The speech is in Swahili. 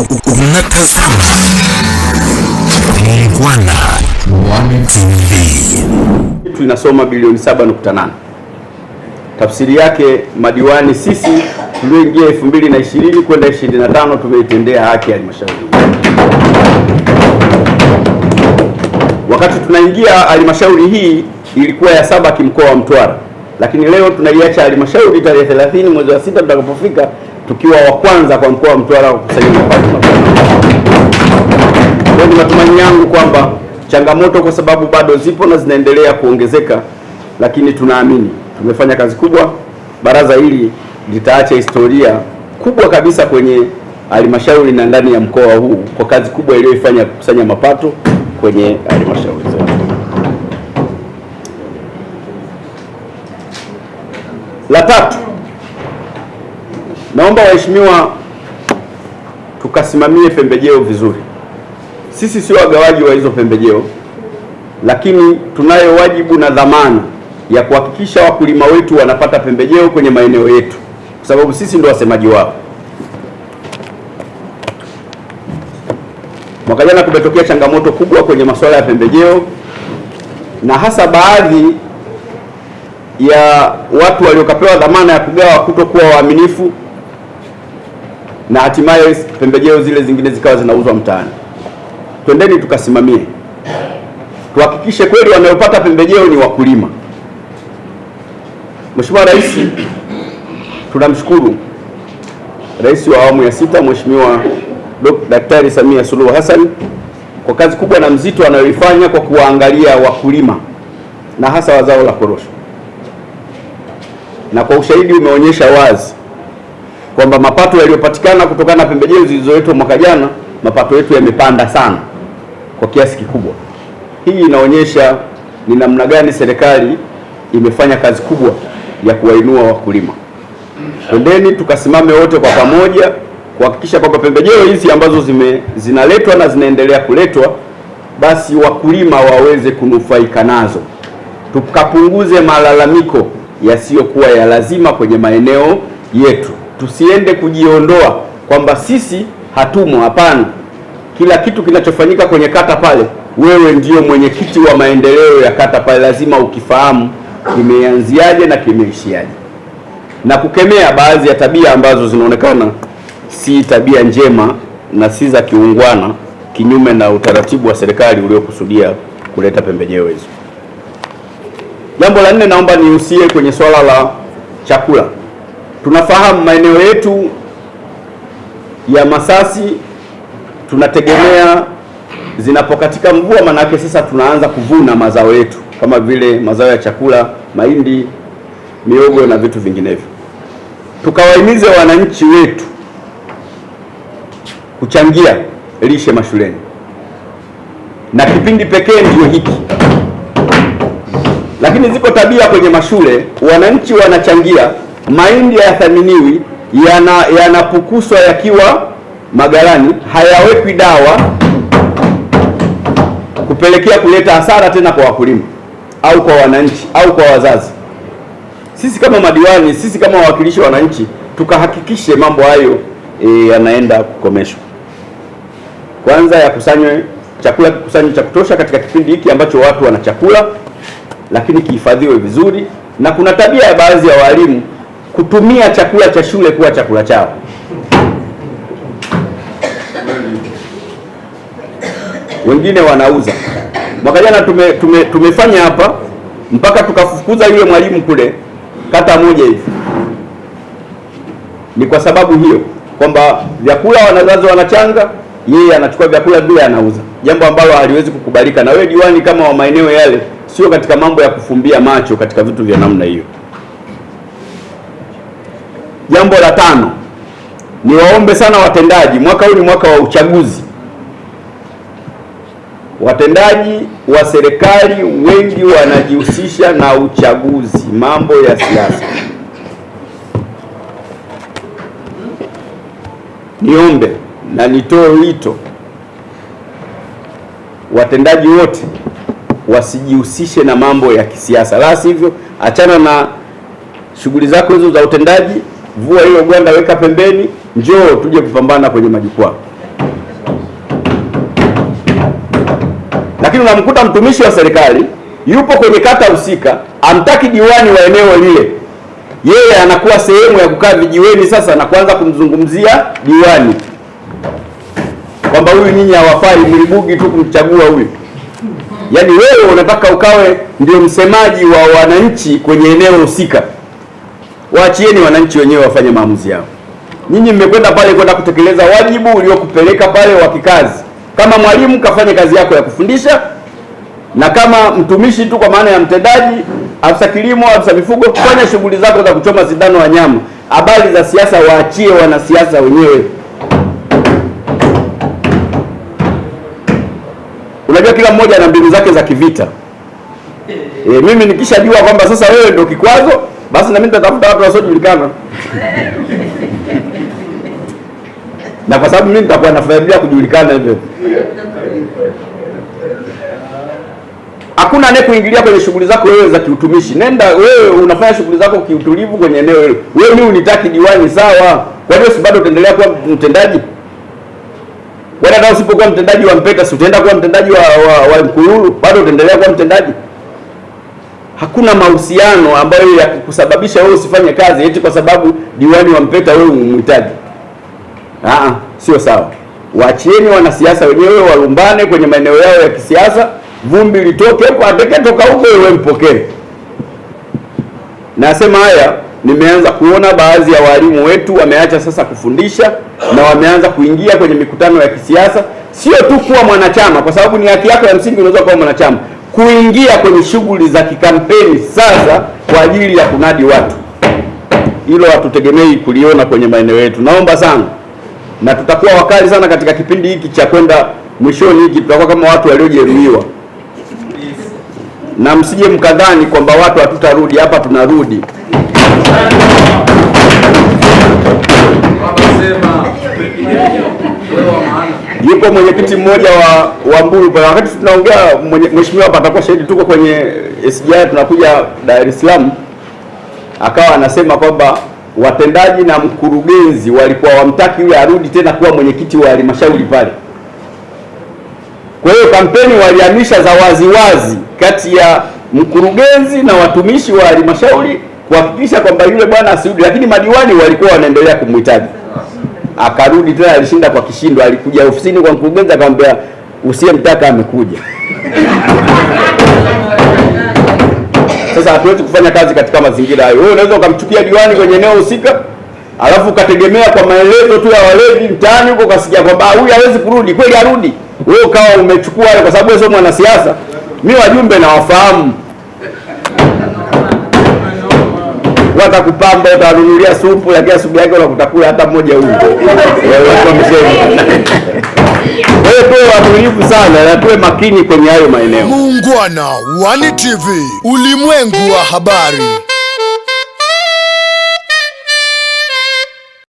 Unatazama Muungwana TV. Tunasoma bilioni 7.8, tafsiri yake madiwani sisi tulioingia 2020 kwenda 25 tumeitendea haki ya halmashauri. Wakati tunaingia halmashauri hii ilikuwa ya saba kimkoa wa Mtwara, lakini leo tunaiacha halmashauri tarehe 30 mwezi wa sita tutakapofika tukiwa wa kwanza kwa mkoa wa Mtwara kukusanya mapato Kwa Ni matumaini yangu kwamba changamoto kwa sababu bado zipo na zinaendelea kuongezeka, lakini tunaamini tumefanya kazi kubwa. Baraza hili litaacha historia kubwa kabisa kwenye halmashauri na ndani ya mkoa huu kwa kazi kubwa iliyoifanya kukusanya mapato kwenye halmashauri zote. La tatu Naomba waheshimiwa, tukasimamie pembejeo vizuri. Sisi sio wagawaji wa hizo pembejeo, lakini tunayo wajibu na dhamana ya kuhakikisha wakulima wetu wanapata pembejeo kwenye maeneo yetu, kwa sababu sisi ndio wasemaji wao. Mwaka jana kumetokea changamoto kubwa kwenye masuala ya pembejeo, na hasa baadhi ya watu waliokapewa dhamana ya kugawa kutokuwa waaminifu na hatimaye pembejeo zile zingine zikawa zinauzwa mtaani. Twendeni tukasimamie, tuhakikishe kweli wanayopata pembejeo ni wakulima. Mheshimiwa Rais, tunamshukuru Rais wa awamu ya sita Mheshimiwa Daktari Samia Suluhu Hassan kwa kazi kubwa na mzito anayoifanya kwa kuwaangalia wakulima na hasa wazao la korosho, na kwa ushahidi umeonyesha wazi kwamba mapato yaliyopatikana kutokana na pembejeo zilizoletwa mwaka jana, mapato yetu yamepanda sana kwa kiasi kikubwa. Hii inaonyesha ni namna gani serikali imefanya kazi kubwa ya kuwainua wakulima. Twendeni tukasimame wote kwa pamoja kuhakikisha kwamba pembejeo hizi ambazo zime zinaletwa na zinaendelea kuletwa, basi wakulima waweze kunufaika nazo, tukapunguze malalamiko yasiyokuwa ya lazima kwenye maeneo yetu tusiende kujiondoa kwamba sisi hatumo. Hapana, kila kitu kinachofanyika kwenye kata pale, wewe ndio mwenyekiti wa maendeleo ya kata pale, lazima ukifahamu kimeanziaje na kimeishiaje, na kukemea baadhi ya tabia ambazo zinaonekana si tabia njema na si za kiungwana, kinyume na utaratibu wa serikali uliokusudia kuleta pembejeo hizo. Jambo la nne, naomba nihusie kwenye swala la chakula. Tunafahamu maeneo yetu ya Masasi tunategemea zinapokatika mvua, manake sasa tunaanza kuvuna mazao yetu kama vile mazao ya chakula, mahindi, miogo na vitu vinginevyo. Tukawahimize wananchi wetu kuchangia lishe mashuleni, na kipindi pekee ndio hiki. Lakini ziko tabia kwenye mashule, wananchi wanachangia mahindi hayathaminiwi, yanapukuswa yana yakiwa magalani, hayawekwi dawa kupelekea kuleta hasara tena kwa wakulima au kwa wananchi au kwa wazazi. Sisi kama madiwani, sisi kama wawakilishi wa wananchi tukahakikishe mambo hayo e, yanaenda kukomeshwa. Kwanza yakusanywe chakula, kikusanywe cha kutosha katika kipindi hiki ambacho watu wana chakula, lakini kihifadhiwe vizuri, na kuna tabia ya baadhi ya walimu kutumia chakula cha shule kuwa chakula chao. Wengine wanauza. Mwaka jana tume, tume, tumefanya hapa mpaka tukafukuza yule mwalimu kule kata moja hivi. Ni kwa sababu hiyo kwamba vyakula wanazazi wanachanga, yeye anachukua vyakula vile anauza, jambo ambalo haliwezi kukubalika. Na wewe diwani, kama wa maeneo yale, sio katika mambo ya kufumbia macho katika vitu vya namna hiyo. Jambo la tano, niwaombe sana watendaji, mwaka huu ni mwaka wa uchaguzi. Watendaji wa serikali wengi wanajihusisha na uchaguzi, mambo ya siasa. Niombe na nitoe wito, watendaji wote wasijihusishe na mambo ya kisiasa, la sivyo achana na shughuli zako hizo za utendaji vua hiyo gwanda, weka pembeni, njoo tuje kupambana kwenye majukwaa. Lakini unamkuta mtumishi wa serikali yupo kwenye kata husika, amtaki diwani wa eneo lile, yeye anakuwa sehemu ya kukaa vijiweni sasa na kuanza kumzungumzia diwani kwamba huyu nyinyi hawafai, mlibugi tu kumchagua huyu. Yaani wewe unataka ukawe ndio msemaji wa wananchi kwenye eneo husika waachieni wananchi wenyewe wafanye maamuzi yao. Nyinyi mmekwenda pale kwenda kutekeleza wajibu uliokupeleka pale wa kikazi. Kama mwalimu, kafanye kazi yako ya kufundisha, na kama mtumishi tu kwa maana ya mtendaji, afisa kilimo, afisa mifugo, kufanya shughuli zako za kuchoma sindano wanyama. Habari za siasa waachie wanasiasa wenyewe. Unajua, kila mmoja ana mbinu zake za kivita. E, mimi nikishajua kwamba sasa wewe ndio kikwazo basi nami nitatafuta watu wasiojulikana na kwa sababu mimi nitakuwa na familia kujulikana hivyo. Hakuna kuingilia kwenye shughuli zako wewe za kiutumishi. Nenda wewe unafanya shughuli zako kiutulivu kwenye eneo hilo. Wewe mimi unitaki diwani sawa. Kwa hiyo si bado utaendelea kuwa mtendaji? Wala hata usipokuwa mtendaji wa Mpeta, si utaenda kuwa mtendaji wa wa, wa Mkuyulu, bado utaendelea kuwa mtendaji? hakuna mahusiano ambayo kusababisha wewe usifanye kazi eti kwa sababu diwani wa Mpeta wewe umhitaji. Ah, sio sawa. Waachieni wanasiasa wenyewe walumbane kwenye maeneo yao ya kisiasa, vumbi litoke huko, toka huko wewe mpokee. Nasema haya, nimeanza kuona baadhi ya walimu wetu wameacha sasa kufundisha na wameanza kuingia kwenye mikutano ya kisiasa. Sio tu kuwa mwanachama, kwa sababu ni haki yako ya msingi, unaweza kuwa mwanachama kuingia kwenye shughuli za kikampeni sasa kwa ajili ya kunadi watu. Hilo hatutegemei kuliona kwenye maeneo yetu, naomba sana, na tutakuwa wakali sana katika kipindi hiki cha kwenda mwishoni hiki, tutakuwa kama watu waliojeruhiwa, na msije mkadhani kwamba watu hatutarudi hapa, tunarudi yupo mwenyekiti mmoja wa wa Mbulu pale. Wakati tunaongea mheshimiwa hapa atakuwa shahidi, tuko kwenye SGR tunakuja Dar es Salaam, akawa anasema kwamba watendaji na mkurugenzi walikuwa wamtaki yule arudi tena kuwa mwenyekiti wa halmashauri pale. Kwa hiyo kampeni walihamisha za waziwazi kati ya mkurugenzi na watumishi wa halmashauri kuhakikisha kwamba yule bwana asirudi, lakini madiwani walikuwa wanaendelea kumhitaji akarudi tena, alishinda kwa kishindo. Alikuja ofisini kwa mkurugenzi akamwambia, mtaka amekuja. Sasa hatuwezi kufanya kazi katika mazingira hayo. Wewe unaweza ukamchukia diwani kwenye eneo husika, alafu ukategemea kwa maelezo tu ya walevi mtaani huko, ukasikia kwamba huyu hawezi kurudi, kweli arudi. Wewe ukawa umechukua hayo, kwa sababu wewe sio mwanasiasa. Mimi wajumbe nawafahamu. watakupamba, utawanunulia supu, lakini supu yake unakutakula hata mmoja huyu. Kwa tuwe watulivu sana na tuwe makini kwenye hayo maeneo. Muungwana, One TV, ulimwengu wa habari.